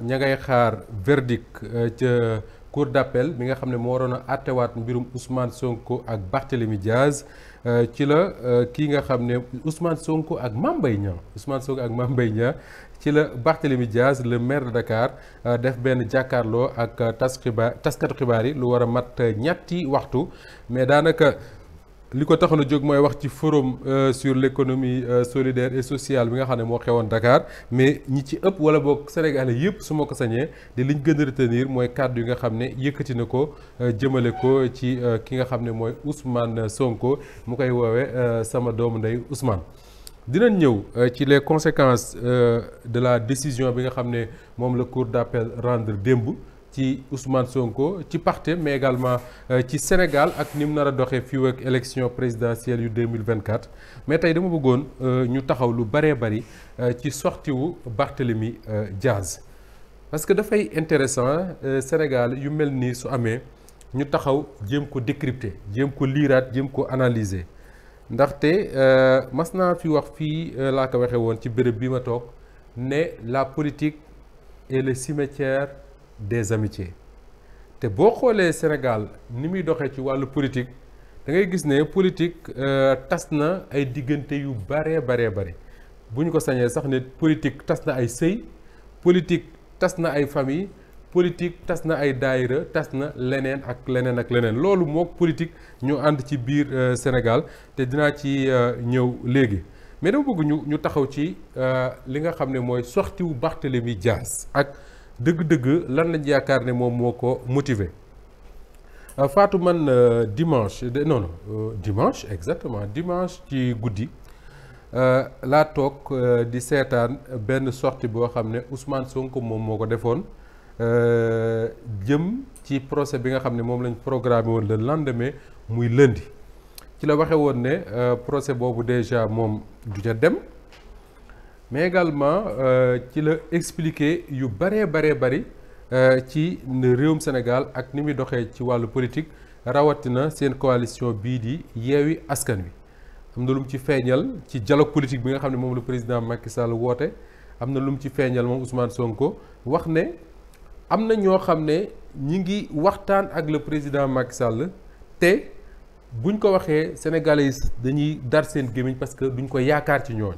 ña ngay xaar verdict euh, ca cour d'appel bi nga xam ne moo waroon a àttewaat mbirum Ousmane Sonko ak Barthélémy Diaz euh, ci la euh, kii nga xam ne Ousmane Sonko ak Mame Mbaye Niang Ousmane ak Mame Mbaye ci la Barthélémy Diaz le maire de Dakar def benn jàkkaarloo ak tas xibaar taskatu xibaar yi lu war a mat ñetti waxtu mais daanaka. li ko taxoon a jóg mooy wax ci forum euh, sur l' économie euh, solidaire et sociale bi nga xam ne moo xewoon Dakar mais ñi ci ëpp wala boog sénégalais yëpp su ma ko sañee di liñ gën a retenir mooy kàddu yi nga xam ne yëkkati na ko euh, jëmale ko ci ki nga xam ne mooy Ousmane Sonko mu koy woowee sama doomu ndey Ousmane. dinañ ñëw ci les conséquences de la décision bi nga xam ne moom la cour d' rendre démb. ci Ousmane Sonko ci parti mais également euh, ci Sénégal ak ni mu nar a doxee fii ak élection présidentielle yu 2024 mais tey dama bëggoon euh, ñu taxaw lu bëree bëri euh, ci sorti wu Barthélemy Diaz parce que dafay intéressant Sénégal yu mel ni su amee ñu taxaw jéem ko décrypter jéem ko liiraat jéem ko analyser ndaxte mas naa fi wax fii laa ko waxe woon ci béréb bi ma toog ne la politique et le cimetière des amitiés te boo xoolee Sénégal ni muy doxee ci wàllu politique dangay gis ne politique euh, tas na ay diggante yu baree baree bari bu ñu ko sañee sax ne politique tas na ay sëy politique tas na ay famille politique tas na ay daayra tas na leneen ak leneen ak leneen loolu moog politique ñu ànd ci biir euh, Sénégal te dinaa ci euh, ñëw léegi mais dama bëgg ñu taxaw ci li nga xam ne mooy sortie wu Barthélémy Dias ak dëgg-dëgg lan lañ yaakaar ne moom moo ko motiver euh, faatu man euh, dimanche non non euh, dimanche exactement dimanche ci guddi laa toog di seetaan benn sortie boo xam ne Ousmane Sonko moom moo ko defoon jëm ci procès bi nga xam ne moom lañ programmé woon le lendemain muy lundi ci la waxe woon ne procès boobu déjà moom du ca dem. mais également euh, ci la expliquer yu bëree baree bëri euh, ci réewum Sénégal ak ni muy doxee ci wàllu politique rawatina seen coalition bii di yeewi askan wi am na lu mu ci feeñal ci dialogue politique bi nga xam ne moom la président Macky Sall woote am na lu mu ci feeñal moom Ousmane Sonko wax ne am na ñoo xam ne ñi ngi waxtaan ak le président Macky Sall te buñ ko waxee sénégalais dañuy dar seen gémmiñ parce que duñ ko yaakaar ci ñooñ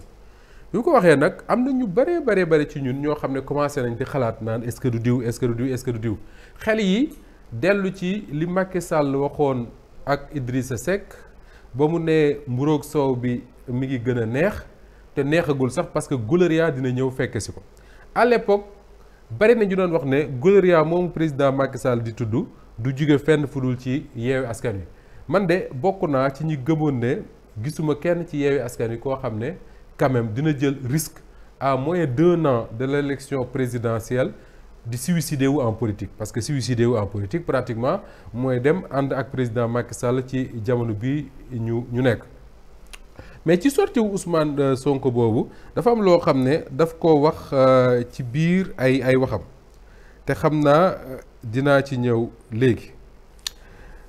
bi ko waxee nag am na ñu bëree bëree bëri ci ñun ñoo xam ne commencé nañ di xalaat naan est-ce que du diw est-ce que du diw est diw xel yi dellu ci li Macky Sall waxoon ak Idrissa Seck ba mu nee mburoog soow bi mi ngi gën a neex te neexagul sax parce que Gloria dina ñëw fekke si ko à l'époque bari na ñu doon wax ne Gloria moomu président Macky Sall di tudd du jóge fenn fu dul ci yeewi askan wi man de bokk naa ci ñi gëmoon ne gisuma kenn ci yeewi askan wi koo xam ne quand dina jël risque à moins nant an de l'élection présidentielle di suicider wu en politique parce que suicider wu en politique pratiquement mooy dem ànd ak président Macky Sall ci jamono bi ñu ñu nekk mais ci sorti wu Ousmane euh, Sonko boobu dafa am loo xam ne daf ko wax euh, ci biir ay ay waxam te xam naa euh, dinaa ci ñëw léegi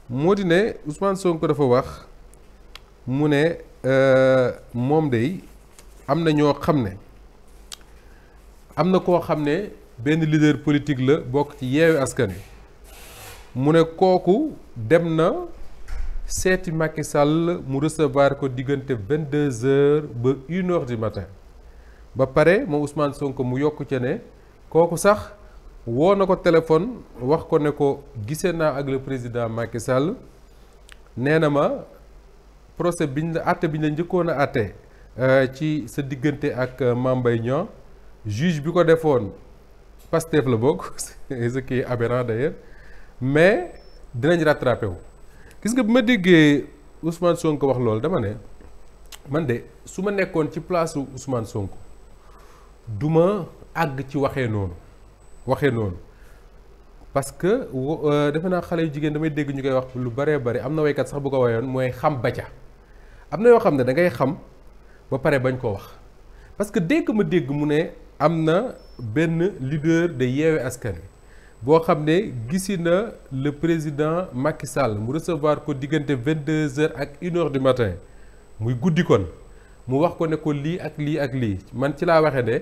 moo di ne Ousmane Sonko dafa wax mu ne moom day am na ñoo xam ne am na koo xam ne benn leader politique la bokk ci yeewi askan wi mu ne kooku dem na seeti Macky Sall mu recevoir ko diggante vingt deux ba une heure du matin ba pare ma usmaan sonk mu yokk ca ne kooku sax woo na ko téléphone wax ko ne ko gise naa ak le président Macky Sall nee na ma procès biñ la àtte biñ njëkkoon a àttee Euh, ci sa diggante ak euh, Mame Mbaye Niang juge bi ko defoon Pastef la bokk ce qui est aberrant mais dinañ rattrapé wu gis nga bi ma déggee Ousmane ko wax loolu dama ne man de su ma nekkoon ci place Ousmane Sonko du ma àgg ci waxee noonu waxee noonu parce que euh, defe naa xale yu jigéen damay dégg ñu koy wax lu bëree bëri am na waykat sax bu ko wayoon mooy xam ba ca am na yoo xam ne da ngay xam. ba pare bañ koo wax parce que dégg ma dégg mu ne am na benn leader de yeewe askan boo xam ne gisi na le président Macky Sall mu recevoir ko diggante vingt deux heures ak une heure muy guddi kon mu wax ko ne ko lii ak lii ak lii man ci laa waxe ne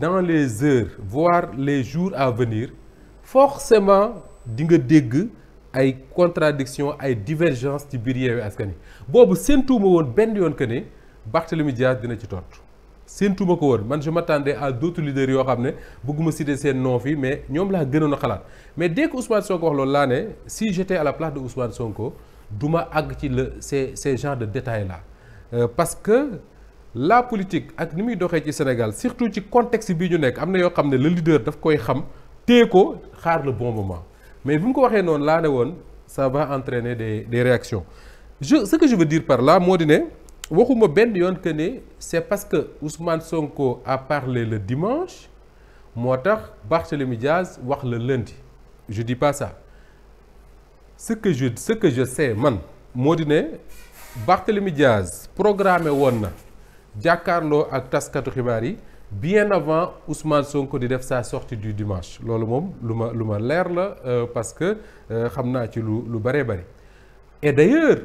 dans les heures voire les jours à venir forcément di nga dégg ay contradiction ay divergence ci biir yeewe askan wi boobu séentuuma woon benn yoon que ne Barthélemy Dias dina ci tontu séentuma ko woon man je m'attendais à d'autres leaders yoo xam ne bëgguma citer seen nom fii mais ñoom laa gënoon xalaat mais dès que Ousmane Sonko wax loolu laa ne si j'étais à la place de Ousmane Sonko du ma àgg ci la ces ces genres de détails la euh, parce que la politique ak ni muy doxee ci Sénégal surtout ci contexte bi ñu nekk am na yoo xam ne le leader daf koy xam téye ko xaar le bon mais bi mu ko waxee noonu laa ne woon ça va entraîner des des réactions je par là moo di ne waxuma benn yoon que ne c'est parce que Ousmane Sonko à parlé le dimanche moo tax Barthélémy Diaz wax la lundi je dis pas ça ce que je ce que sais man moo di ne Barthélémy Diaz programmé woon na jàkkaarloo ak taskatu xibaar yi bien avant Ousmane Sonko di def sa sortie du dimanche loolu moom lu ma lu ma leer la euh, parce que euh, xam naa ci lu lu bëree bëri et d'ailleurs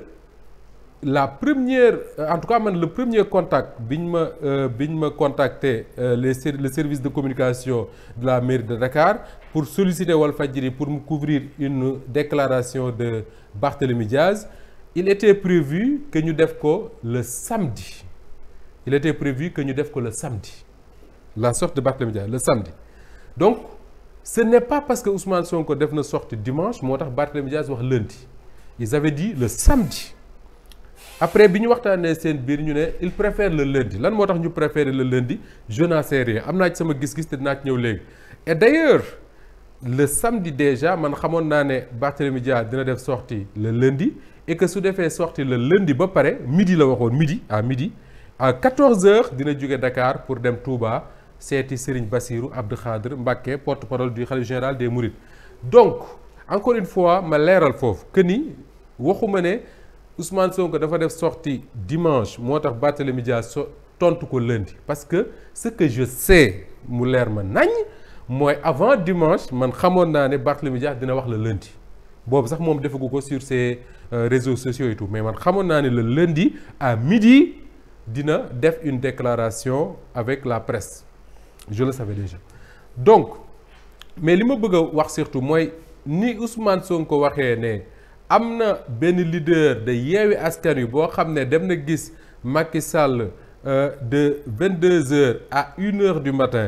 la première en tout cas man le premier contact bi ñu ma euh, bi ñu ma contacté euh, les le service de communication de la mairie de Dakar pour solliciter Walfadjri pour mu couvrir une déclaration de Barthélémy Diaz il était prévu que ñu def ko le samedi il était prévu que ñu def ko le samedi la sortie de Barthélémy Diaz le samedi donc ce n'est pas parce que Ousmane Sonko def na sortie dimanche moo tax Barthélémy Diaz wax lundi ils avaient dit le samedi après bi ñu waxtaanee seen biir ñu ne il préfère le lundi lan moo tax ñu préférer le lundi je n'en sais rien am naa ci sama gis-gis te dinaa ci ñëw léegi et d'ailleurs le samedi déjà man xamoon naa ne Barthélemy Dia dina def sortie le lundi et que su defee sortie le lundi ba pare midi la waxoon midi à midi à 14h dina juge Dakar pour dem Touba seeti Serigne Bassirou Abdou Khadr Mbacké porte-parole du général des Mourides donc encore une fois ma leeral foofu que ni waxuma ne. Ousmane Sonko dafa def sortie dimanche moo tax Barthélémy Dias so tontu ko lundi parce que ce que je sais mu leer ma nañ mooy avant dimanche man xamoon naa ne Barthélémy Dias dina wax la lundi boobu sax moom defagu ko sur ses euh, réseaux sociaux et mais man xamoon naa ne le lundi à midi dina def une déclaration avec la presse je le savais déjà donc mais li ma bëgg wax surtout mooy ni Ousmane ko waxee ne. am na benn leader de yeewi askar wi boo xam ne dem na gis Macky Sall euh, de 22 heures à 1 heure du matin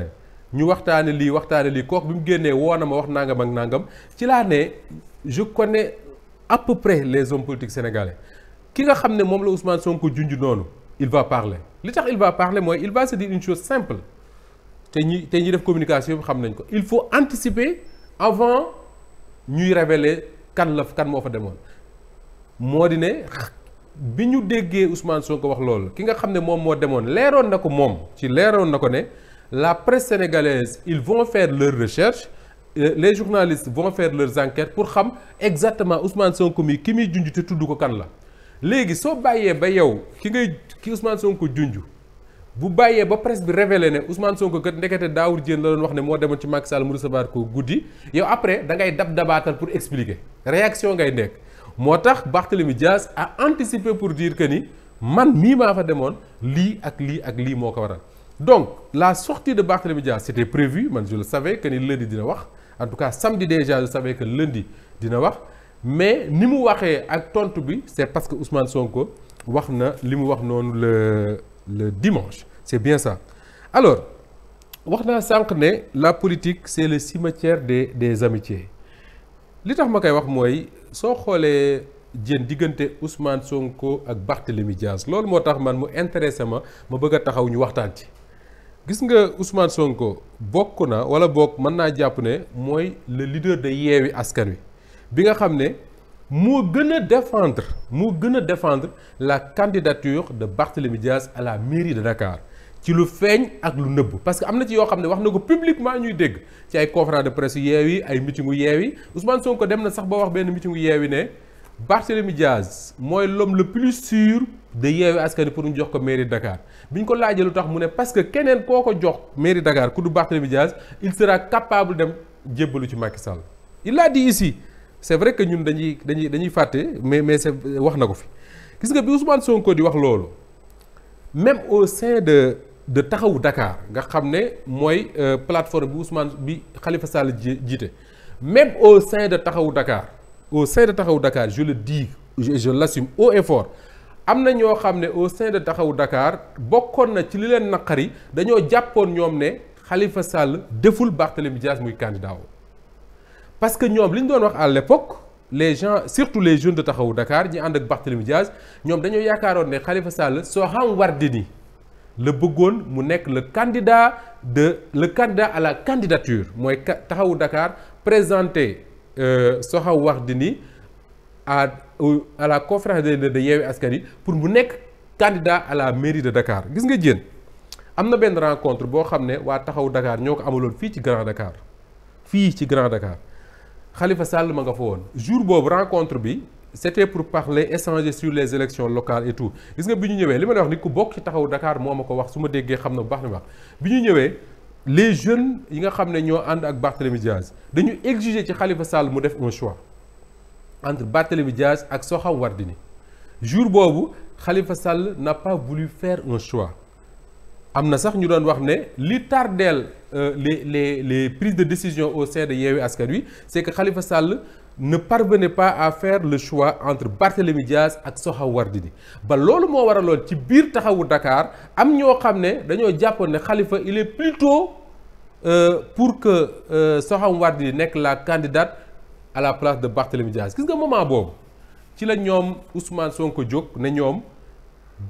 ñu waxtaane lii waxtaane lii kooku bi mu génnee woo na ma wax nangam ak nangam ci laa ne je connais à peu près les hommes politiques sénégalais ki nga xam ne moom la Ousmane Sonko junj noonu il va parler li tax il va parler mooy il va se dire une chose simple te ñi te ñi def communication bi xam nañ ko il faut anticiper avant ñuy révéler kan la kan moo fa demoon moo di ne bi ñu déggee soo ko wax loolu ki nga xam ne moom moo demoon leeroon na ko moom ci leeroon na ko ne la presse sénégalaise ils vont faire leurs recherches euh, les journalistes vont faire leurs enquêtes pour xam exactement soo ko mi ki muy junj te tudd ko kan la léegi soo bàyyee ba yow ki ngay ki Ousmane ko junj. bu bàyyee ba presse bi révélé ne usman Sonko kat ndekete Daour Diène la doon wax ne moo demoon ci Macky Sall mu recevoir ko guddi yow après da ngay dab dabaatal pour expliquer réaction ngay nekk moo tax Barthélemy Dias a anticipé pour dire que ni man mii maa fa demoon lii ak lii ak lii moo ko waral donc la sortie de Barthélemy Dias c' était prévu man je le savais que ni dina wax en tout cas samedi déjà je savais que lundi dina wax mais ni mu waxee ak tontu bi est parce que Ousmane Sonko wax na li mu wax noonu le le c'est bien ça alors wax naa sànq ne la politique c'est le cimetière des des amitiés li tax ma koy wax mooy soo xoolee jën diggante Ousmane Sonko ak Barthélémy Dias loolu moo tax man mu intéressé ma ma bëgg a taxaw ñu waxtaan ci gis nga Ousmane Sonko bokk na wala bokk mën naa jàpp ne mooy le leader de yeewi askan wi bi nga xam ne moo gën a défendre moo gën a défendre la candidature de Barthélémy Dias à la mairie de Dakar ci lu feeñ ak lu nëbb parce que am na ci yoo xam ne wax na ko publiquement ñuy dégg ci ay conférence de presse yeewi ay meetingu yeewi Ousmane ko dem na sax boo wax benn meetingu yeewi ne Barthélemy Diaz mooy l'homme le plus sûr de yeewi askani pour ñu jox ko mairie Dakar bi ñu ko laajee lu tax mu ne parce que keneen koo ko jox mairie Dakar ku du Barthélemy Diaz il sera capable dem jébbalu ci Macky Sall il l'a dit ici vrai que ñun dañuy dañuy dañuy fàtte mais mais c'est wax na ko fi gis nga bi Ousmane Sonko di wax loolu au sein de de taxawu Dakar nga xam ne mooy euh, plateforme bi Ousmane bi xalifa Sall jiite même au sein de taxawu Dakar au sein de taxawu Dakar je le dis je, je l'assume haut fort am na ñoo xam ne au sein de taxawu Dakar bokkoon na ci li leen naqari dañoo jàppoon ñoom ne xalifa Sall deful Barthélemy Dias muy candidat parce que ñoom li ñu doon wax àll l'époque les gens surtout les jeunes de taxawu Dakar ñi ànd ak Barthélemy Dias ñoom dañoo yaakaaroon ne Khalifa Sall soo xam war ni la bëggoon mu nekk le candidat de le candidat à la candidature mooy taxawu Dakar présenté euh, Soham Wardini à à la conférence de de Yewwi Askan Wi pour mu nekk candidat à la mairie de Dakar gis nga jéen am na benn rencontre boo xam ne waa taxawu Dakar ñoo ko amaloon fii ci Grand Dakar fii ci Grand Dakar Khalifa Sall ma nga fa woon jour boobu rencontre bi. c'était pour parler échanger sur les élections locales et tout gis nga bi ñu ñëwee li ma lay wax ni ku bokki ci taxawu Dakar moo ma ko wax su ma déggee xam na bu baax ni wax bi ñu ñëwee les jeunes yi nga xam ne ñoo ànd ak Barthélémy Diaz dañu exiger ci Khalifa Sall mu def un choix entre Barthélémy Diaz ak Soham Wardini jour boobu xalifa Sall n'a pas voulu faire un choix am na sax ñu doon wax ne li tardeel euh, les les les prises de décision au sein de Yewwi Askan Wi c'est que Sall ne parvenait pas à fair le choix entre Barthélemy Diaz ak Soham Wardini ba loolu moo waraloon ci biir taxawu Dakar am ñoo xam ne dañoo jàppoon ne xalifa il est plutôt euh, pour que euh, Soham Wardini nekk la candidate à la place de Barthélemy Diaz gis nga moment boobu ci la ñoom Ousmane Sonko jóg ne ñoom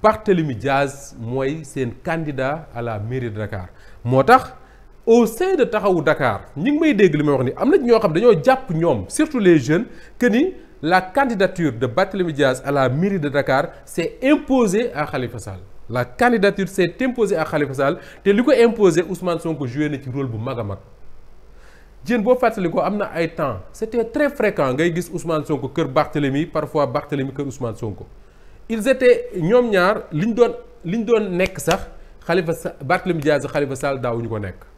Barthélemy Diaz mooy seen candidat à la mairie de Dakar moo tax. au sein de taxawu Dakar ñi ngi may dégg li may wax ni am na ñoo xam dañoo jàpp ñoom surtout les jeunes que ni la candidature de Barthélémy Diaz à la mairie de Dakar s'est imposée à Khalifa Sall la candidature s'est imposée à Khalifa Sall te li ko imposé Ousmane Sonko joué na ci rôle bu mag a mag jéen boo fàttali ko am na ay temps c'était très fréquent ngay gis Ousmane Sonko kër Barthélémy parfois Barthélémy kër Ousmane ko ils étaient ñoom ñaar li ñu doon li ñu doon nekk sax Khalifa Barthélémy Diaz Khalifa Sall daawuñu ko nekk.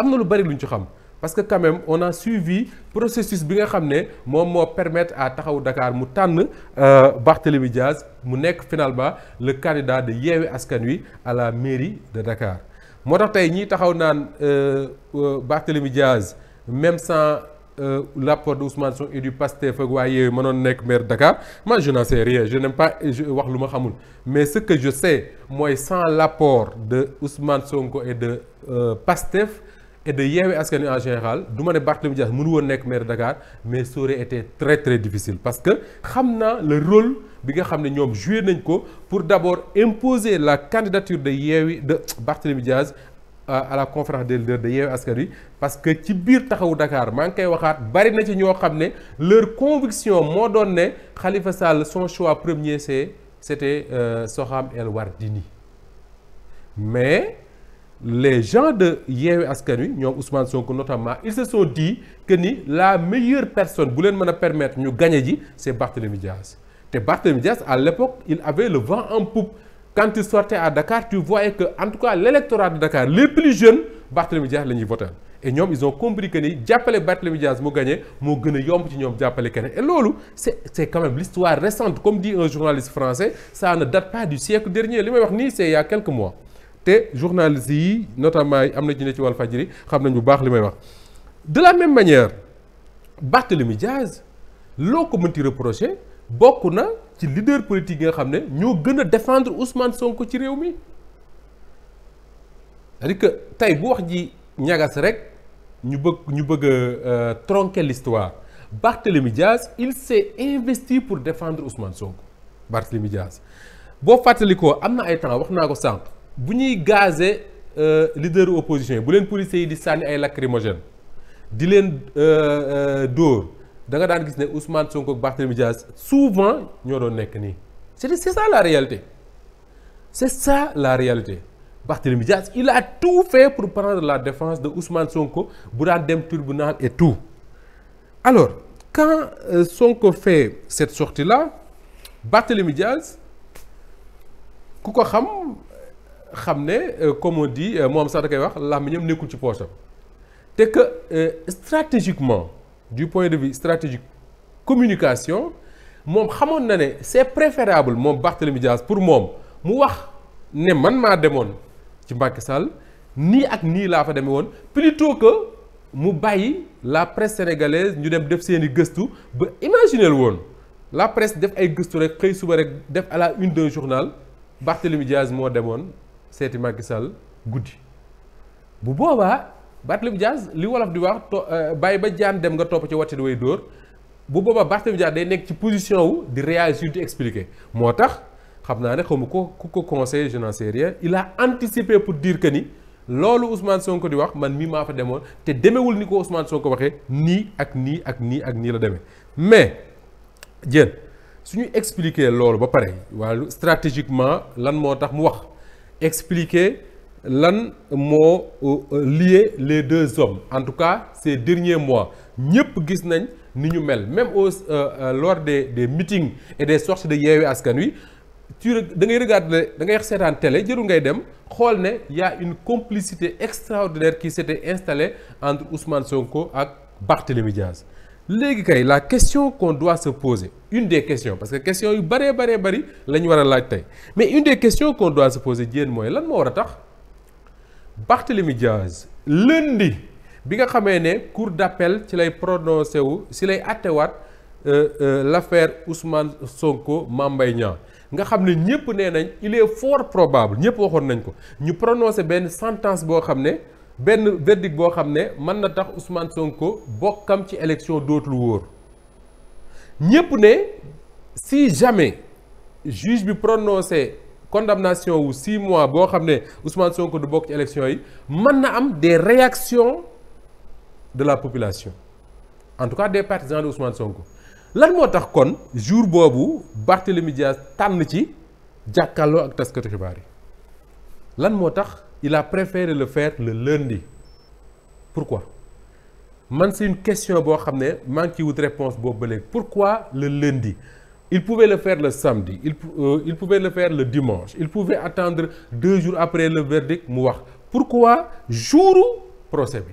am na lu bari lu ñu ci xam parce que quand même on a suivi processus bi nga xam ne moom moo permettre à taxawu Dakar mu tànn euh, Barthélémy Diaz mu nekk finalement le candidat de Yewwi Askan Wi à la mairie de Dakar moo tax tey ñiy taxaw naan euh, euh, Barthélémy Diaz même sans Euh, l'apport de Ousmane Sonko et du Pastef ak waa Yewwi mënoon nekk maire Dakar man je n'en sais rien je n'aime wax lu ma xamul mais ce que je sais mooy sans l'apport de Ousmane Sonko et de euh, Pastef et de yeewee askan wi en duma du ma ne Barthélémy Dias woon nekk maire de Dakar mais ça aurait été très très difficile parce que xam naa le rôle bi nga xam ne ñoom joué nañ ko pour d'abord imposer la candidature de yeewi de Barthélémy Dias à la conférence des leaders de yeewi askan wi parce que ci biir taxawu Dakar maa ngi koy waxaat bari na ci ñoo xam ne leur conviction moo doon ne xalifa Sall son choix premier c'est c'était euh, Soham El Wardini mais les gens de Yewwi Askan Wi ñoom Ousmane Sonko notamment ils se sont dit que ni la meilleure personne bu leen mën a permettre ñu gagné ji c'est Barthélémy Diaz te Barthélémy Diaz à l'époque il avait le vent en poupe quand il à Dakar tu voyais que en tout cas l'électorat de Dakar les plus jeunes Barthélémy Diaz la ñuy et ñoom ils compris que ni jàppale Barthélémy Diaz mu gagné moo gën a yomb ci ñoom jàppale keneen et loolu c'est c'est quand même l'histoire récente li may wax nii c'est il y te journalistes yi notament yi am na ci ne ci Walfadjri xam nañ bu baax li may wax de la même manière Barthélemy Diaz loo ko mënti reproché bokk na ci leader politique yi nga xam ne ñoo gën a défendre Ousmane Sonko ci réew mi cest à que tey bu wax ji ñagas rek ñu bëgg ñu bëgg a euh, tronquer l'histoire Barthélemy Diaz il s'est investi pour défendre Ousmane Sonko Barthélemy Diaz boo fàttalikoo am na ay temps wax naa ko sànq. bu ñuy gazer euh, leader opposition yi bu leen policiers yi di sànni ay lacrymogène di leen euh, euh, dóor da nga daan gis ne Ousmane Sonko ak Barthélémy Dias souvent ñoo doon nekk nii c'est c'est ça la réalité c'est ça la réalité Barthélémy Dias il a tout fait pour prendre la défense de Ousmane Sonko bu daan dem tribunal et tout alors quand euh, Sonko fait cette sortie là Barthélémy Dias ku ko xam. xam ne euh, comme di moom sax da koy wax làmmiñam nekkul ci poosam te que euh, stratégiquement du point de vue stratégique communication moom xamoon na ne c'est préférable moom Barthélémy Dias pour moom mu wax ne man maa demoon ci Macky Sall nii ak nii laa fa demee woon plutôt que mu bàyyi la presse sénégalaise ñu dem def seeni gëstu ba imaginel woon la presse def ay gëstu rek xëy suba rek def à la une d'un journal Barthélémy Dias moo demoon seeti Macky guddi bu boobaa Barthélemy Dias li wolof di wax to euh, bàyyi ba jaan dem nga topp ci watti di way dóor bu boobaa Barthélemy Dias day nekk ci position wu di réagir di expliquer moo tax xam naa ne xamu ko ku ko conseil je illa sais rien il a anticipé pour dire que ni loolu Ousmane Sonko di wax man mii maa fa demoon te demewul ni ko soo ko waxee nii ak nii ak nii ak nii la demee mais jën su ñu expliquer loolu ba pare wàllu stratégiquement lan moo tax mu wax. expliquer lan moo euh, euh, lié les deux hommes en tout cas ces derniers mois ñëpp gis nañ ni ñu mel même au euh, lors de des meetings et des sorties de Yewwi Askan Wi tu da ngay regarder da ngay seetaan télé jëru ngay dem xool ne y a une complicité extraordinaire qui s'était installée entre Ousmane Sonko ak Barthélémy Diaz léegi kay la question qu'on doit se poser une des questions parce que question yu bëree bëree bari la ñu war a laaj tey mais une des questions qu'on doit se poser jéen mooy lan moo war a tax Barthélemy Diaz lundi bi nga xamee ne cour d'appel ci lay prononcé wu si lay attewaat euh, euh, l'affaire Ousmane Sonko Mame Mbaye Niang nga xam ne ñëpp nee nañ il est fort probable ñëpp waxoon nañ ko ñu prononcé benn sentence boo xam ne. benn verdict boo xam ne mën na tax Ousmane Sonko bokkam ci élection dootul wóor ñépp ne si jamais juge bi prononcé condamnation wu si mois boo xam ne Ousmane Sonko du bokk ci élection yi mën na am des réactions de la population en tout cas des partisans de Ousmane Sonko lan moo tax kon jour boobu Barthélémy Dias tànn ci jàkkaloo ak taskatu xibaar yi lan moo tax. il a préféré le faire le lundi pourquoi man c'est une question boo xam ne maa ngi ciy wut réponse boobu ba léegi pourquoi le lundi il pouvait le faire le samedi il euh, il pouvait le faire le dimanche il pouvait attendre deux jours après le verdict mu wax pourquoi jouru procès bi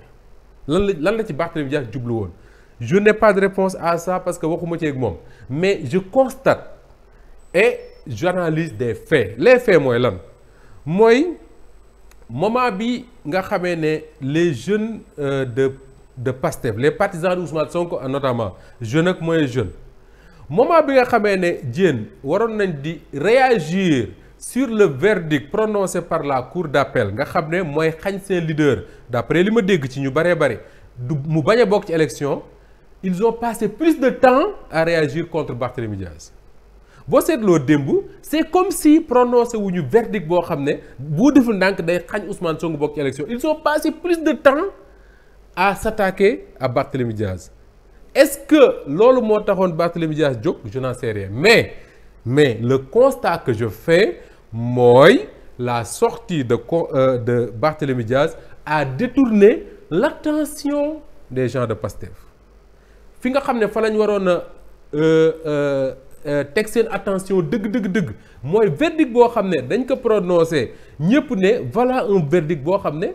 lan la lan la ci Barthélémy Dias jublu woon je n'ai pas de réponse à ça parce que waxuma ci ak moom mais je constate et j'analyse des faits les faits mooy lan mooy moment bi nga xamee ne les jeunes euh, de de Pastef les partisans de Ousmane Sonko euh, notamment jeunes ak moyen jeunes moment bi nga xamee ne Diène waroon nañ di réagir sur le verdict prononcé par la cour d'appel nga xam ne mooy xañ seen leader d'après li ma dégg ci ñu bëree bëri du mu bañ a bokk ci élection ils ont passé plus de temps à réagir contre Barthélémy Diaz boo seetloo démb c'est comme si prononcé wuñu verdict boo xam ne boo deful ndànk day xañ Ousmane Sonko bokk ci élection ils ont passé plus de temps à s'attaquer à Barthélémy Diaz est-ce que loolu moo taxoon Barthélémy Diaz jóg je n'en mais mais le constat que je fais mooy la sortie de euh, de Barthélémy Diaz a détourné l'attention des gens de Pastef fi nga xam ne fa lañ waroon a euh, euh, Euh, teg seen attention dëgg dëgg dëgg mooy verdict boo xam ne dañ ko prononcé ñëpp ne voilà un verdict boo xam ne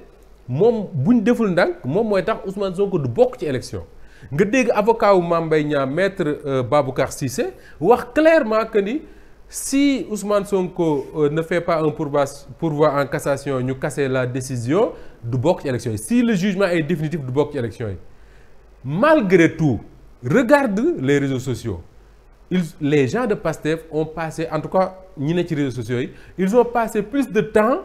moom buñ deful ndànk moom mooy tax Ousmane Sonko du bokk ci élection nga dégg avocat wu Mame Mbaye Niang maître euh, Baboucar Cissé wax clairement que ni si Ousmane Sonko euh, ne fait pas un pour pourvoi en cassation ñu kase la décision du bokk ci élection yi si le jugement est définitif du bokk ci élection yi malgré tout regarde les réseaux sociaux ils les gens de Pastef ont passé en tout cas ñi ne ci réseaux sociaux yi ils ont passé plus de temps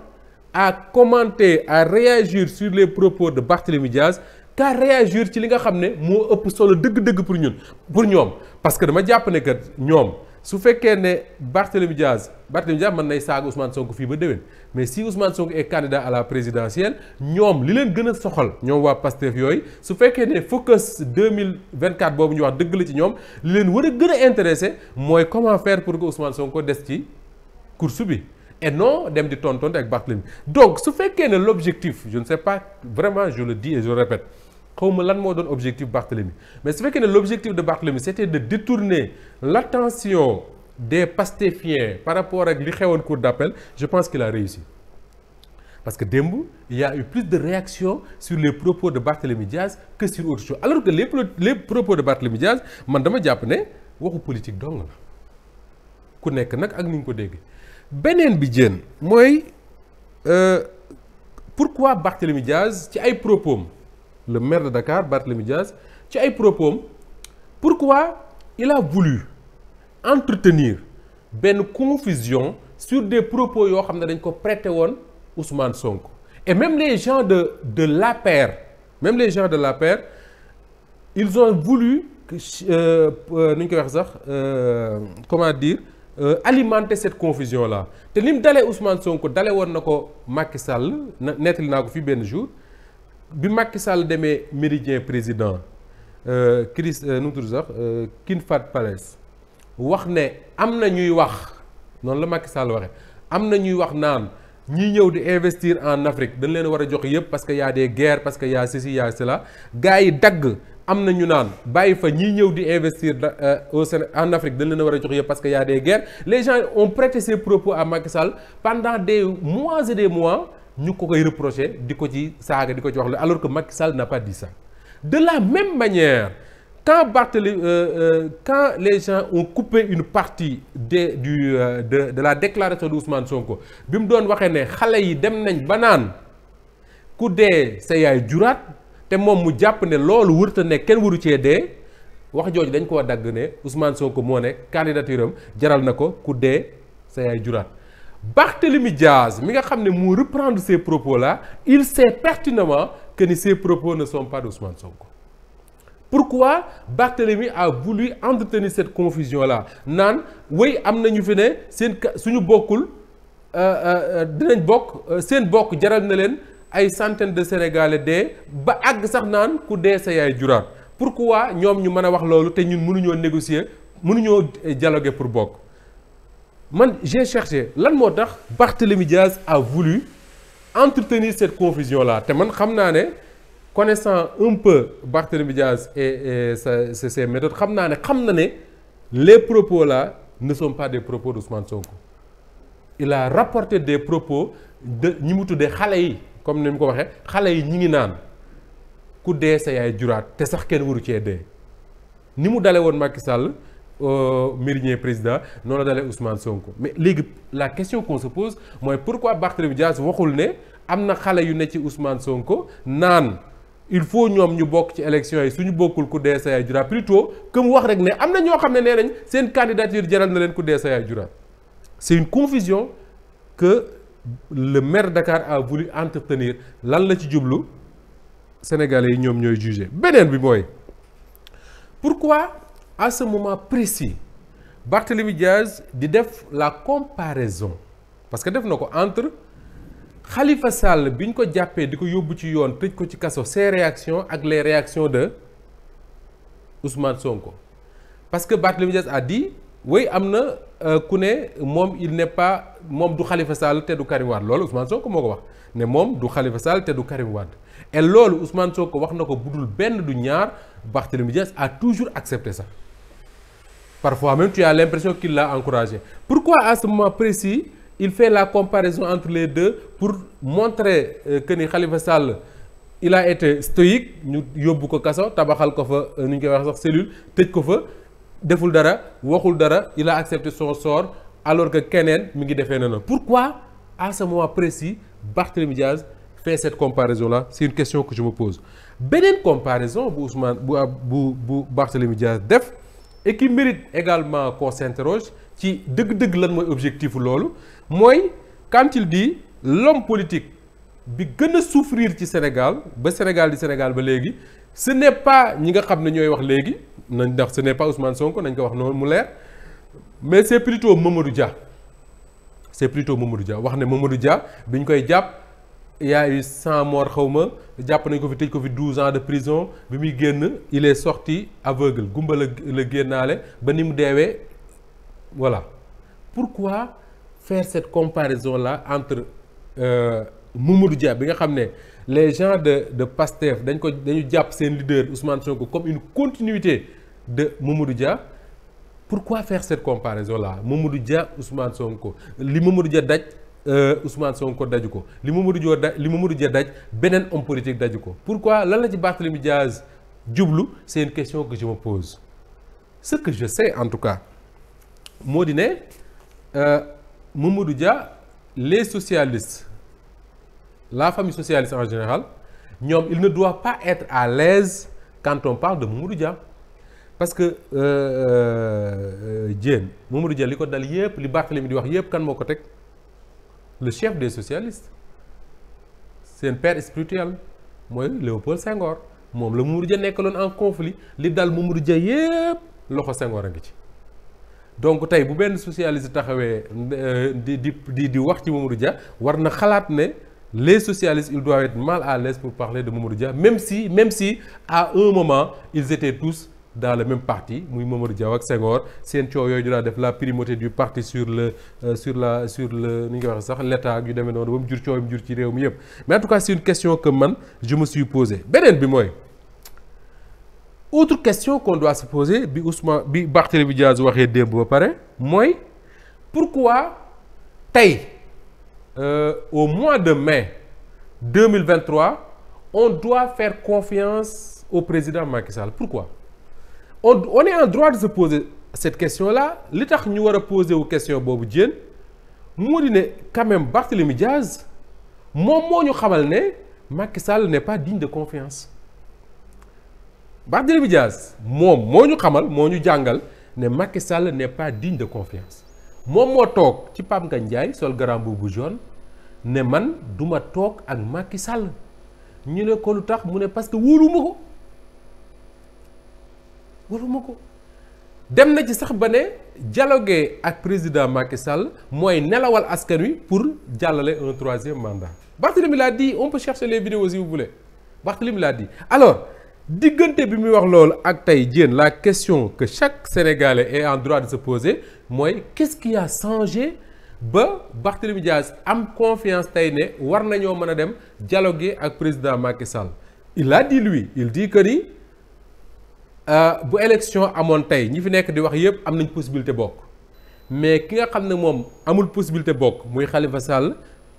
à commenter à réagir sur les propos de Barthélémy Diaz qu'à réagir ci li nga xam ne moo ëpp solo dëgg-dëgg pour ñun pour ñoom parce que dama jàpp ne que ñoom su fekkee ne Barthélemy Diaz Barthélemy Diaz mën nay saaga Ousmane Sonko fii ba déwén mais si Ousmane Sonko est candidat à la présidentielle ñoom li leen gën a soxal ñoom waa Pastef yooyu su fekkee ne focus 2024 boobu ñu wax dëgg la ci ñoom li leen war a gën a intéressé mooy comment faire pour que Ousmane Sonko des ci course bi et non dem di tontonte ak Barthélemy donc su fekkee ne l'objectif je ne sais pas vraiment je le dis et je le xaw ma lan moo doon objectif Barthélemy mais su fekkee ne l' objectif de Barthélemy c' était de détourner l' attention des fien par rapport ak li xewoon cour d' je pense qu'il a réussi parce que démb il y plus de réactions sur les propos de Barthélemy Diaz que sur autre chose alors que les les propos de Barthélemy Diaz man dama jàpp ne waxu politique dong la ku nekk nag ak ni ñu ko déggee beneen bi jën mooy euh, pourquoi Barthélemy Diaz ci ay propos le maire de Dakar Barthélemy Diaz ci ay propos am pourquoi il a voulu entretenir benn confusion sur des propos yoo xam ne dañ ko prêté woon Ousmane Sonko et même les gens de de l'APR même les gens de la l'APR ils ont voulu euh, euh, nu ñu koy wax sax euh, comment dire euh, alimenter cette confusion la te lim dalee Ousmane sonk dalee woon na ko Macky Sall nettali naa ko fi benn jour. bi Macky Sall demee Méridien président euh, Chris euh, nu mu tudd sax euh, King Fahd Palace wax ne am na ñuy wax noonu la Macky Sall waxee am na ñuy wax naan ñi ñëw di investir en Afrique dañ leen war a jox yëpp parce que y a des guerres parce que y a ceci y yi dagg am na ñu naan bàyyi fa ñi ñëw di investir au Sénégal en Afrique dañ leen war a jox yëpp parce que y a des guerres les gens ont prêté ces propos à Macky pendant des mois et des mois. ñu ko koy reproché di ko ci saaga di ko ci wax la alors que Macky Sall n'a pas dit ça de la même manière quand Barthélemy euh, euh quand les gens ont coupé une partie des du euh, de de la déclaration de Ousmane Sonko bi mu doon waxee ne xale yi dem nañ ba naan ku dee sa yaay juraat te moom mu jàpp ne loolu wërta ne kenn waru cee dee wax jooju dañ koo dagg ne Ousmane ko moo ne candidature am jaral na ko ku dee sa yaay juraat. Barthélemy Diaz mi nga xam ne moo reprendre ces propos là il sait pertinemment que ni ces propos ne sont pas d'Ousmane pour pourquoi Barthélemy a voulu entretenir cette confusion là naan wéy am nañu fi ne seen suñu bokkul euh, euh, dinañ bokk euh, seen bokk jaral na leen ay centaines de Sénégalais de ba àgg sax naan ku dee sa yaay juraat pourquoi ñoom ñu mën a wax loolu te ñun mënuñoo négocier mënuñoo dialoguer pour bokk man j'ai cherché lan moo tax Barthélémy Diaz a voulu entretenir cette confusion là te man xam naa ne connaissant un peu Barthélémy Diaz et et sa ses méthodes xam naa ne xam na ne les propos la ne sont pas des propos d'Ousmane Sonko il a rapporté des propos de ñi mu tuddee xale yi comme ni mu ko waxee xale yi ñi ngi naan ku dee sa yaay juraat te sax kenn waru cee dee ni mu dale woon Macky Sall Mérigné président noonu la dalee Ousmane Sonko mais léegi la question qu'on se pose mooy pourquoi Barthélémy Dias waxul ne am na xale yu ne ci Ousmane Sonko naan il faut ñoom ñu bokk ci élection yi suñu bokkul ku dee sa yaay jura plutôt mu wax rek ne am na ñoo xam ne nee nañ seen candidature jaral na leen ku dee sa yaay jura c'est une confusion que le maire de Dakar a voulu entretenir lan la ci jublu sénégalais yi ñoom ñooy jugé beneen bi mooy pourquoi à ce moment précis Barthélemy Diaz di def la comparaison parce que def na ko entre xalifa Sall bi ñu ko jàppee di ko yóbbu ci yoon tëj ko ci kaso ses réactions ak les réaction de Ousmane Sonko parce que Barthélemy Diaz à di oui am na euh, ku ne moom il n'est pas moom du xalifa Sall te du Karim Wade loolu Ousmane Sonko moo ko wax ne moom du Khalifa Sall te du Karim Wade et loolu Ousmane Sonko wax na ko budul benn du ñaar Barthélemy Diaz à toujours accepté ça. Parfois même, tu as l'impression qu'il l'a encouragé. Pourquoi à ce moment précis, il fait la comparaison entre les deux pour montrer euh, que ni Khalifa Sall il a été stoïque ñu yóbbu ko kaso tabaxal ko fa euh, nu ñu koy wax sax cellule tëj ko fa deful dara waxul dara il a accepté son sort alors que keneen mi ngi defee na na pourquoi à ce moment précis Barthélémy Diaz fait cette comparaison la si une question que je me pose beneen comparaison bu Ousmane bu bu bu Barthélémy Diaz def et qui également qu'on s'interroge ci dëgg-dëgg lan mooy objectif loolu mooy quand il dit politique bi gën a souffrir ci Sénégal ba Sénégal di Sénégal ba léegi ce n'est pas ñi nga xam ne ñooy wax léegi nañ ndax ce n'est pas Ousmane Sonko nañ ko wax noonu mu leer mais c'est plutôt Mamadou Dia c'est plutôt Mamadou Dia wax ne Mamadou jaa bi ñu koy jàpp il y a eu cent morts xaw ma jàpp nañ ko fi tëj ko fi douze ans de prison bi muy génn il est sorti aveugle gumba la la génnaale ba ni mu deewee voilà pourquoi faire cette comparaison la entre euh, Mamadou jaa bi nga xam ne les gens de de Pastef dañ ko dañu jàpp seen leader Ousmane Sonko comme une continuité de Mamadou Dia pourquoi faire cette comparaison là Mamadou Dia Ousmane ko li Mamadou Dia daj. Euh, Ousmane Sonko daju ko li mu Dia daj li Mamadou Dia daj beneen homme politique daju ko pourquoi lan la ci Barthélémy Diaz jublu seen une question que je me pose ce que je sais en tout cas moo di ne mu euh, Mamadou ja les socialistes la famille socialiste en général ñoom il ne doit pas être à l'aise quand on parle de Mamadou Dia parce que euh, Diène Mamadou Dia li ko dal yépp li Barthélémy di wax yépp kan moo ko teg le chef des socialistes seen père spirituel mooy Léopold Senghor moom la Mamadou Dia nekkaloon en conflit li dal Mamadou Dia yépp loxo sengoor a ngi ci donc tey bu benn socialiste taxawee euh, di di di di wax ci Mamadou Dia war na xalaat ne les socialistes ils doivent être mal à l'aise pour parler de Mamadou Dia même si même si à un moment ils étaient tous dans le même parti muy Mamadou Diaw ak Senghor seen coow yooyu ñu daan def la primauté du parti sur le euh, sur la sur le ni nga waxee sax l'état yu demee noonu ba mu jur coow mu jur ci réew mi yëpp mais en tout cas c'est une question que man je me suis posé beneen bi mooy autre question qu'on doit se poser bi Ousmane bi Barthélémy Diaz waxee démb ba pare mooy pour pourquoi tey euh, au mois de mai 2023 on doit faire confiance au président Macky pour quoi on on est en droit de se poser cette question là li tax ñu war a poser wu question boobu jéen moo di ne quand même Barthélémy Diaz moom moo ñu xamal ne Macky Sall n'est pas digne de confiance Barthélémy moo ñu xamal moo ñu jàngal ne makki Sall n'est pas digne de confiance moom moo toog ci Pape Ngagne Ndiaye sol grand bu jaune ne man duma toog ak Macky Sall ñu ne ko lu tax mu ne parce que wóoluwuma ko. waruma ko dem na ci sax ba ne dialoguer ak président Macky Sall mooy nelawal askan wi pour jàllale un troisième mandat Barthélemy l'a dit on peut les vidéos si vous voulez Barthélemy l'a dit alors diggante bi muy wax loolu ak tey jéen la question que chaque Sénégalais et en droit de se poser mooy qu'est-ce qui ba Barthélemy Diaz am confiance tey ne war nañoo mën a dem dialoguer ak président Macky Sall il l'a dit lui il dit que Euh, bu élection amoon tey ñi fi nekk di wax yëpp am nañ possibilité bokk mais ki nga xam ne moom amul possibilité bokk muy Khalifa Sall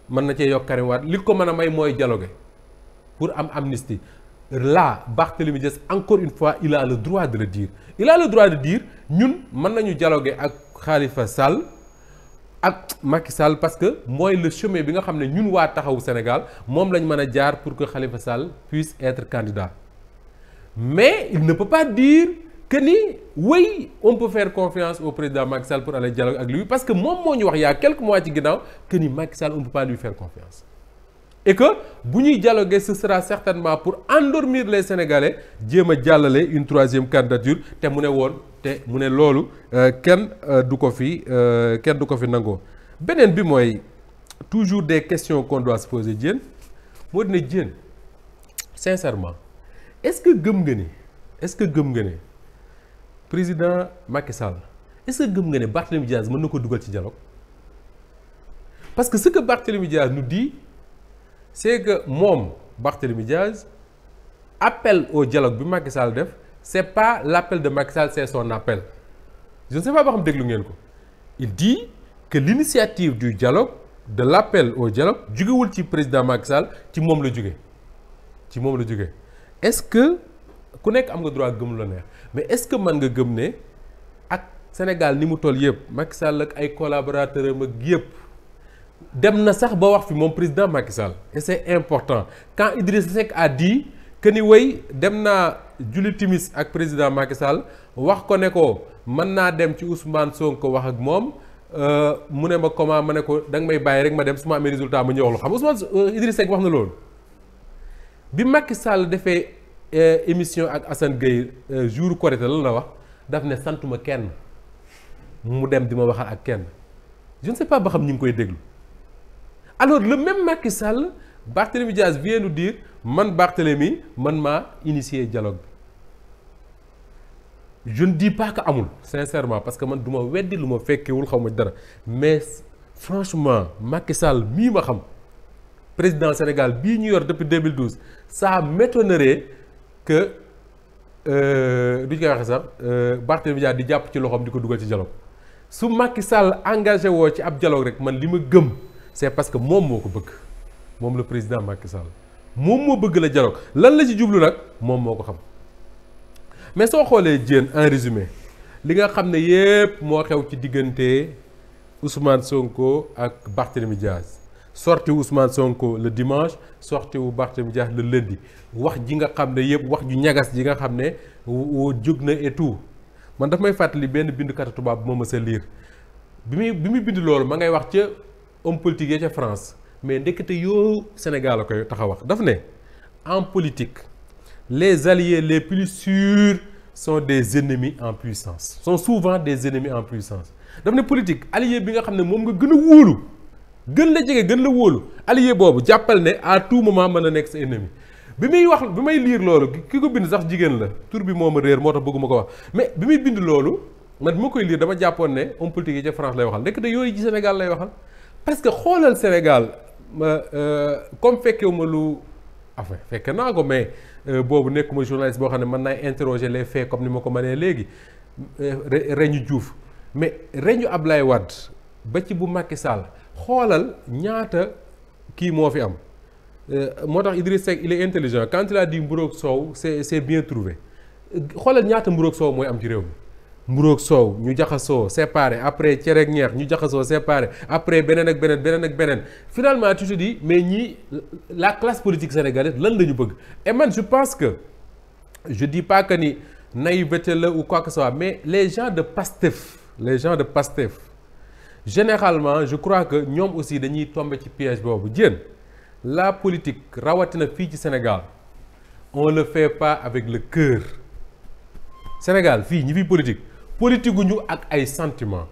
mën na cee yokk li ko mën a may mooy dialogue pour am amnistie là Barthélémy Dias encore une fois il a le droit de le dire il a droit de dire ñun mën nañu dialoguer ak Khalifa Sall ak Macky Sall parce que mooy le chemin bi nga xam ne ñun waa taxawu Sénégal moom lañ mën a jaar pour que Khalifa Sall puisse être candidat mais il ne peut pas dire que ni oui on peut faire confiance au président Macky Sall pour aller dialogue ak lui parce que moom moo ñu wax il y a quelques mois ci ginnaaw que ni Macky Sall on peut pas lui faire confiance. et bu ñuy dialoguer ce sera certainement pour endormir les Sénégalais jéem a jàllale une troisième candidature te mu ne woon te mu ne loolu euh, euh, euh, kenn du ko fi kenn du ko fi nangoo beneen bi mooy toujours des questions qu'on doit se poser Diène moo dina Diène sincèrement. est-ce que gëm nga ni est-ce que gëm nga ne président Macky Sall est-ce que gëm nga ne Barthélemy Diaz mën na ko dugal ci dialogue parce que ce que Barthélemy Diaz nu di c'est que moom Barthélemy Diaz appel au dialogue bi Macky Sall def c'est pas l'appel de Macky Sall c'est son appel je ne pas ba xam déglu ngeen ko il dit que l'initiative du dialogue de l'appel au dialogue jugewul ci président Macky Sall ci moom la jóge ci moom la juge est-ce que ku nekk am nga droit gëm la neex mais est-ce que mën nga gëm ne ak Sénégal ni mu toll yëpp Macky Sall ak ay collaborateurs am ak yëpp dem na sax ba wax fi moom président Macky Sall et c'est important quand Idriss Seck a dit que ni wéy dem naa julli timis ak président Macky Sall wax ko ne ko mën naa dem ci Ousmane Sonko wax ak moom euh, mu ne ma comment ma ne ko danga may bàyyi rek ma dem su ma amee résultat ma ñëw wax lu xam Ousmane euh, Idriss Seck wax na loolu. bi Macky Sall defee euh, émission ak Assane Gueye euh, jour Korité lan la wax daf ne santuma kenn mu dem di ma waxal ak kenn je ne sais ba xam ñu ngi koy déglu alors le même Macky Sall Barthélémy Diaz vient nous dire man Barthélémy man maa initier dialogue bi je ne dis pas que amul sincèrement parce que man du ma weddi lu ma fekkewul xaw ma dara mais franchement Macky Sall mii ma xam. président Sénégal bii ñu yor depuis 2012 ça m'étonnerait que du euh, ñu koy waxee sax euh, Barthélémy Dias di jàpp ci loxoom di ko dugal ci dialogue su Macky Sall engagé woo ci ab dialogue rek man li ma gëm c'est parce que moom moo ko bëgg moom le président Macky Sall moom moo bëgg la dialogue lan la ci jublu nag moom moo ko xam mais soo xoolee Diène en résumé li nga xam ne yépp moo xew ci diggante Ousmane Sonko ak Barthélémy Dias sorti Ousmane Sonko le dimanche sorti wu Barthélémy Dias le lundi wax ji nga xam ne yëpp wax ju ñagas ji nga xam ne woo jóg na et tout man daf may fàttali benn bindkatu tubaab bu ma mës liir bi muy bi muy bind loolu ma ngay wax ca homme politique ya ca France mais ndekete yoo Sénégal la koy wax daf ne en politique les alliés les plus sûrs son des ennemis en puissance son souvent des ennemis en puissance daf ne politique allié bi nga xam ne moom nga gën a wóolu gën la jege gën la wóolu allié boobu jàppal ne à tout moment mën a nekk sa ennemi bi muy wax bi may liir loolu ki ko bind sax jigéen la tur bi moo ma réer moo tax bëgguma ko wax mais bi muy bind loolu man bi ma koy liir dama jàppoon ne homme politique yi ca France lay waxal ndekk de yooyu ji Sénégal lay waxal parce que xoolal Sénégal ma euh, comme fekkewu ma lu enfin fekke naa ko mais euh, boobu nekkuma journaliste boo xam ne mën naay interroger les faits comme ni ma ko mënee léegi euh, reñu mais reñu Ablaye Wade ba ci bu Macky Sall xoolal ñaata kii moo fi am euh, moo tax Idriss Seck il est intelligent quand il a dit mburoog soow c'est bien trouvé xoolal ñaata mburoog soow mooy am ci réew mi mburoog soow ñu jaxasoo séparé après cere ak ñeex ñu jaxasoo séparé après beneen ak beneen beneen ak beneen finalement tu di dis mais ñii la classe politique sénégalaise lan la ñu bëgg et man je pense que je di pas que ni naïveté la ou quoi que ce mais les gens de Pastef les gens de Pastef généralement je crois que ñoom aussi dañuy tombe ci piège boobu Diène la politique rawatina fii ci Sénégal on le fait pas avec le cœur Sénégal fii ñi fi politique politique ñu ak ay sentiments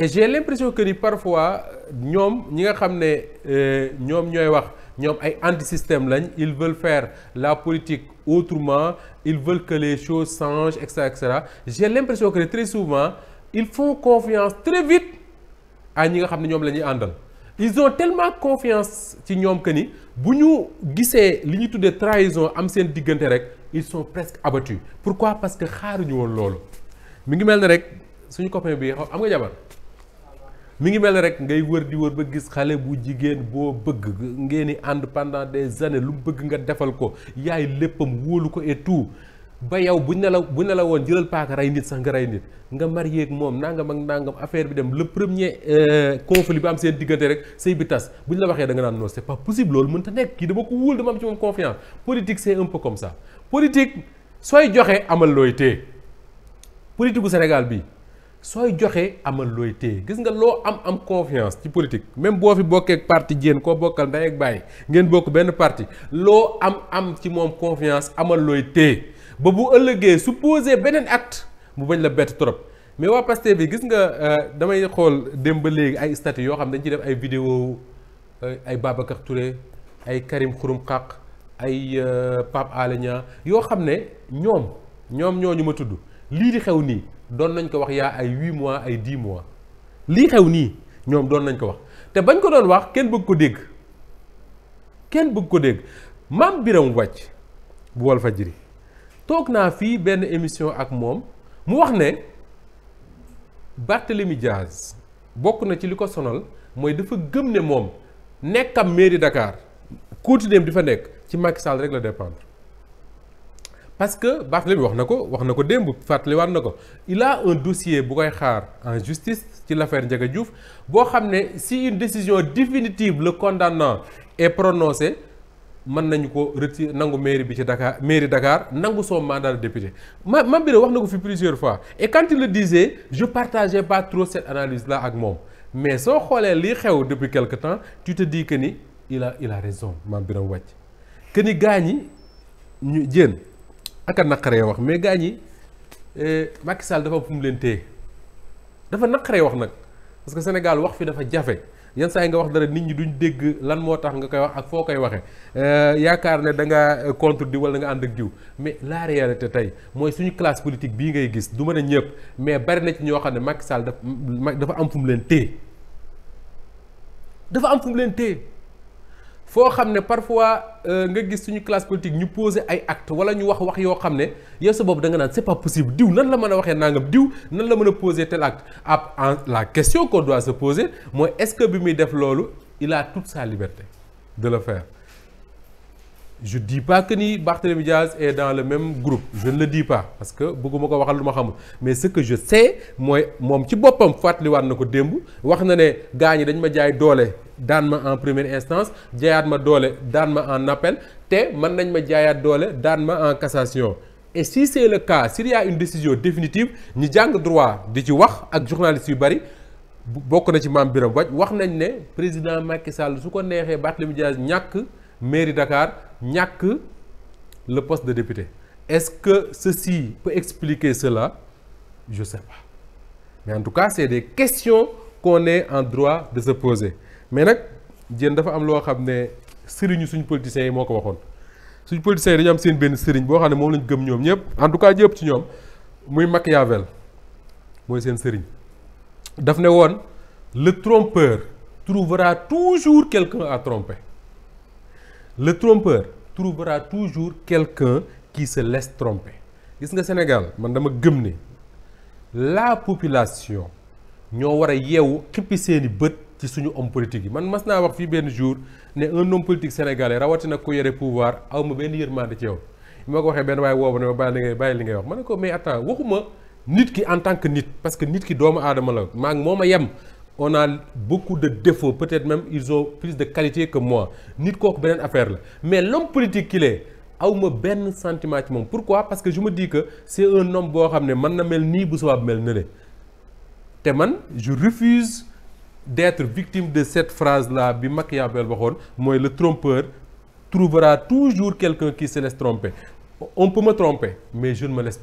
et j'ai kër yi ni parfois ñoom ñi nga xam ne euh, ñoom ñooy wax ñoom ay anti-système lañ ils veulent faire la politique autrement ils veulent que les choses changent et cetera et cetera j'ai très souvent il faut confiance très vite à ñi nga xam ne ñoom la ñuy àndal ils ont tellement confiance ci ñoom que ni bu ñu gisee li ñu tuddee trahison am seen diggante rek ils sont presque abattus pourquoi parce que xaaruñu woon loolu mi ngi mel ne rek suñu copain bi xaw am nga jabar mi ngi mel ne rek ngay wër di wër ba gis xale bu jigéen boo bëgg ngeen di ànd pendant des années lu bëgg nga defal ko yaay léppam wóolu ko et tout ba yow bu ne la bu ne la jëlal paaka rey nit sax nga rey nit nga marié ak moom nangam ak nangam affaire bi dem le premier euh, conflit bi am seen diggante rek sëy bi tas buñ la waxee danga nga naan non c'est pas possible loolu mënta nekk kii dama ko wóol dama am ci moom confiance politique c'est sooy joxe amal looy Sénégal bi sooy joxe amal gis nga loo am am confiance ci politique même boo fi bokkee parti jéen koo bokkal ndey ak bàyyi ngeen bokk benn parti loo am am ci moom confiance amal looy téye. ba bu ëllëgee su posé beneen at bu bañ la bett trop mais waa Pastef bi gis nga euh, damay xool dem ba léegi ay statut yoo xam dañ ciy def ay vidéo ay Babacar Touré ay Karim Xurum Xaq ay euh, Pape Alé yoo xam ne ñoom ñoom ñu ma tudd lii di xew nii doon nañ ko wax yaa ay huit mois ay di mois lii xew nii ñoom doon nañ ko wax te bañ ko doon wax kenn bëgg ko dégg kenn bugg ko dégg maam Biram Wàcc bu Walfadjri toog naa fii benn émission ak moom mu wax ne Barthélemy Diaz bokk na ci li ko sonal mooy dafa gëm ne moom nekkam mairie Dakar continuer di fa nekk ci Macky Sall rek la dépendre parce que Barthélemy wax na ko wax na ko démb fàttaliwaat na ko il a un dossier bu koy xaar en justice ci l'affaire Ndiaga Diouf boo xam ne si une décision définitive la condamnant et prononcée mën nañu ko retirer nangu mairie bi ci Dakar mairie Dakar nangu son mandat de député ma Mame Biré wax na ko fi plusieurs fois et quand il le disait je partageais pas trop cette analyse là ak moom mais soo xoolee lii xew depuis quelque temps tu te dis que ni il a il a raison Mame Biré Wathie que ni gaa ñi ñu jéen ak a naqaree wax mais gaa ñi eh, Macky Sall dafa fu mu leen téye dafa naqaree wax nag parce que Sénégal wax fi dafa jafe. yan saa yi nga wax dara nit ñi duñ dégg lan moo tax nga koy wax ak foo koy waxee euh, yaakaar ne da nga euh, contre di wala nga ànd ak jiw mais la réalité tey mooy suñu classe politique bii ngay gis du mën a ñëpp mais bari na ci ñoo xam ne Macky Sall dafa dafa am fu leen téye dafa am fu leen téye. foo xam ne parfois euh, nga gis suñu classe politique ñu poser ay acte wala ñu wax wax yoo xam ne yow sa bopp da nga naan c'est possible diw nan la mën a waxee nangam diw nan la mën a poser tel acte ab en la question qu'on doit se poser mooy est-ce que bi muy def loolu il a toute sa liberté de le faire je di pas que ni Barthélémy Diaz est dans le même groupe je ne le dis pas parce que bëgguma ko waxal lu ma xamul mais ce que je sais mooy moom ci boppam fàttaliwaat na ko démb wax na ne gars ñi dañ ma jaay doole daan ma en première instance jaayaat ma doole daan ma en appel te mën nañ ma jaayaat doole daan ma en cassation et si c'est le cas s'il y a une décision définitive ñi jàng droit di ci wax ak journaliste yu bari bokk na ci Mame Birame Wathie wax nañ ne président Macky Sall su ko neexee Barthélémy Diaz ñàkk mairie Dakar ñàkk le poste de député est-ce que ceci peut expliquer cela je sais mais en tout cas c'est des questions qu'on est en droit de se poser mais nag jéen dafa am loo xam ne sëriñu suñu politiciens yi moo ko waxoon suñu politiciens yi dañu am seen benn sëriñ boo xam ne moom lañ gëm ñoom ñëpp en tout cas ñëpp ci ñoom muy Machiavel mooy seen sëriñ daf ne woon le trompeur trouvera toujours quelqu'un à tromper le trompeur trouvera toujours quelqu'un kii se laisse tromper gis nga Sénégal man dama gëm ne la population ñoo war a yeewu xippi seeni bët ci suñu homme politique yi man mas naa wax fii benn jour ne un homme politique sénégalais rawatina ku yore pouvoir aw ma benn yërmande ci yow bi ma ko waxee benn waaye woowu ne ma bàyyi li ngay li ngay wax ma ne ko mais attends waxuma nit ki en tant que nit parce que nit ki doomu aadama la maa ngi moo ma yem on a beaucoup de défauts peut-être même ils ont plus de qualité que moi nit kooku beneen affaire la mais l'homme politique qu'il est awma benn sentiment ci moom pourquoi parce que je me dis que c'est un homme boo xam ne man na mel nii bu sabab mel ne te man ju refuse d'être victime de cette phrase là bi Machiavel waxoon mooy le trompeur trouvera toujours quelqu'un qui se laisse tromper on peut me tromper mais je ne me laisse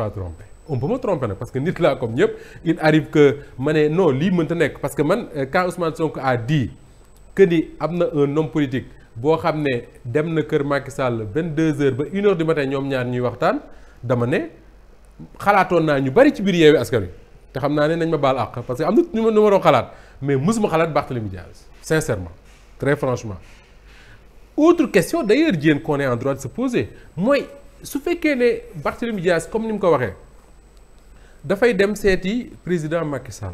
on peut me tromper nag parce que nit laa comme ñëpp il arrive que ma ne non lii mënta nekk parce que man euh, quand Ousmane Sonko a dit que ni am na un homme politique boo xam ne dem na kër Macky Sall 22h ba union h ma matin ñoom ñaar ñuy waxtaan dama ne xalaatoon naa ñu bari ci biir yeewi askan bi te xam naa ne nañ ma baal àq parce que am na ñu ma numéro xalaat mais mosuma xalaat Barthélémy Dias sincèrement très franchement. autre question d'ailleurs jéen qu'on est en droit mooy su fekkee ne Barthélémy Dias comme ni mu ko waxee. dafay dem seeti président Macky Sall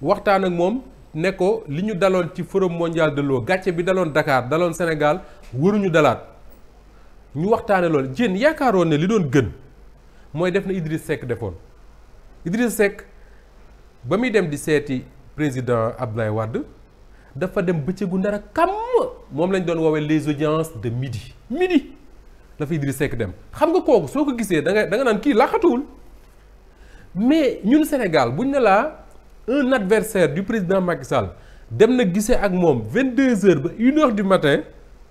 waxtaan ak moom ne ko li ñu daloon ci forom mondial de l'eau gàcce bi daloon dakaar daloon Sénégal waruñu dalaat ñu waxtaanee loolu jéen yaakaaroon ne li doon gën mooy def na Idriss Seck defoon Idriss Seck ba muy dem di seeti président ab Abdoulaye wàdd dafa dem bëccëgu ndara kam moom lañ doon woowee les audiences de midi midi dafa Idriss Seck dem xam nga kooku soo ko gisee da nga da naan kii laaxatuwul mais ñun Sénégal buñ ne laa un adversaire du président Macky Sall dem na gisee ak moom 22 heures ba une heure du matin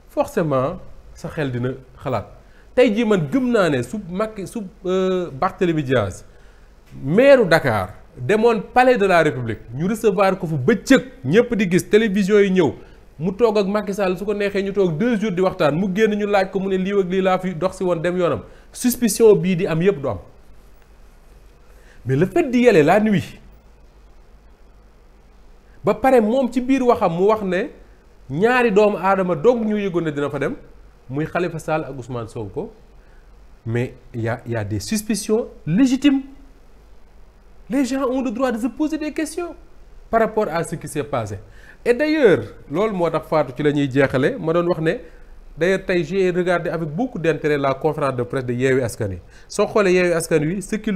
forcément sa xel dina xalaat tey jii man gëm naa ne su Macky su euh, Barthélémy Diaz maire Dakar demoon palais de la République ñu recevoir ko fu bëccëg ñëpp di gis télévision yi ñëw mu toog ak Macky Sall su ko neexee ñu toog deux jours di waxtaan mu génn ñu laaj ko mu ne lii ak lii laa fi dox si woon dem yoonam suspicion bii di am yëpp du mais le fait d'y aller la nuit ba pare moom ci biir waxam mu wax ne ñaari doomu aadama dong ñu yëgoon ne dina fa dem muy xalifa Sall ak soog ko mais y a y a des suspicions légitimes les gens ont le de se par rapport à ce qui s'est passé et d'ailleurs loolu moo tax faatu ci la ñuy jeexale ma doon wax ne d'ailleurs tey j'ai regardé avec beaucoup d'intérêt la conférence de presse de Yewwi Askan Wi soo xoolee Yewwi Askan Wi ce